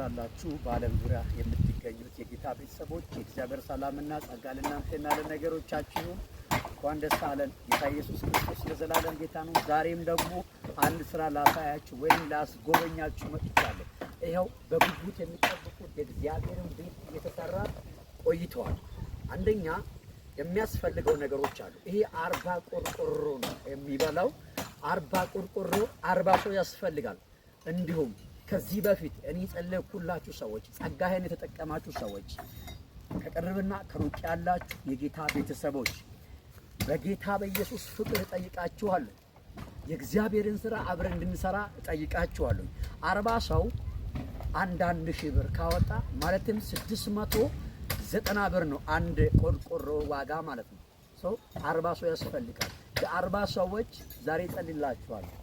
ሳላችሁ በዓለም ዙሪያ የምትገኙት የጌታ ቤተሰቦች የእግዚአብሔር ሰላምና ጸጋ ለእናንተ እና ለነገሮቻችሁ እንኳን ደስ አለን። ጌታ ኢየሱስ ክርስቶስ ለዘላለም ጌታ ነው። ዛሬም ደግሞ አንድ ስራ ላሳያችሁ ወይም ላስጎበኛችሁ መጥቻለሁ። ይኸው በጉጉት የሚጠብቁት የእግዚአብሔርን ቤት እየተሰራ ቆይተዋል። አንደኛ የሚያስፈልገው ነገሮች አሉ። ይሄ አርባ ቆርቆሮ ነው የሚበላው። አርባ ቆርቆሮ አርባ ሰው ያስፈልጋል። እንዲሁም ከዚህ በፊት እኔ የጸለይኩላችሁ ሰዎች ጸጋዬን የተጠቀማችሁ ሰዎች ከቅርብና ከሩቅ ያላችሁ የጌታ ቤተሰቦች በጌታ በኢየሱስ ፍቅር እጠይቃችኋለሁ። የእግዚአብሔርን ስራ አብረን እንድንሰራ እጠይቃችኋለሁ። አርባ ሰው አንዳንድ ሺህ ብር ካወጣ ማለትም ስድስት መቶ ዘጠና ብር ነው አንድ ቆርቆሮ ዋጋ ማለት ነው። ሰው አርባ ሰው ያስፈልጋል። የአርባ ሰዎች ዛሬ እጸልይላችኋለሁ።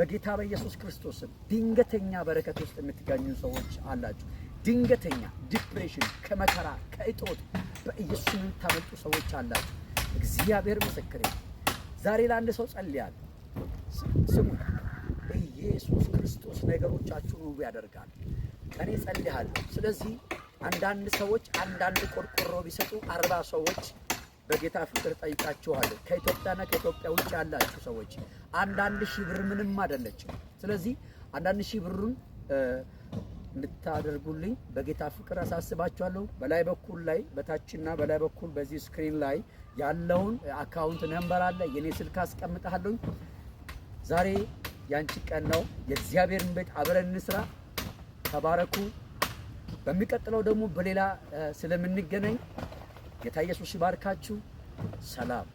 በጌታ በኢየሱስ ክርስቶስም ድንገተኛ በረከት ውስጥ የምትገኙ ሰዎች አላችሁ። ድንገተኛ ዲፕሬሽን ከመከራ ከእጦት በኢየሱስ የምታመልጡ ሰዎች አላችሁ። እግዚአብሔር ምስክሬ፣ ዛሬ ለአንድ ሰው ጸልያል ስሙ፣ በኢየሱስ ክርስቶስ ነገሮቻችሁን ውብ ያደርጋል። እኔ ጸልያለሁ። ስለዚህ አንዳንድ ሰዎች አንዳንድ ቆርቆሮ ቢሰጡ አርባ ሰዎች በጌታ ፍቅር ጠይቃችኋለሁ። ከኢትዮጵያና ከኢትዮጵያ ውጭ ያላችሁ ሰዎች አንዳንድ ሺህ ብር ምንም አይደለችም። ስለዚህ አንዳንድ ሺህ ብሩን እንድታደርጉልኝ በጌታ ፍቅር አሳስባችኋለሁ። በላይ በኩል ላይ በታችና በላይ በኩል በዚህ ስክሪን ላይ ያለውን አካውንት ነንበር አለ የኔ ስልክ አስቀምጣለሁ። ዛሬ ያንቺ ቀን ነው። የእግዚአብሔርን ቤት አብረን እንስራ። ተባረኩ። በሚቀጥለው ደግሞ በሌላ ስለምንገናኝ ጌታ ኢየሱስ ይባርካችሁ። ሰላም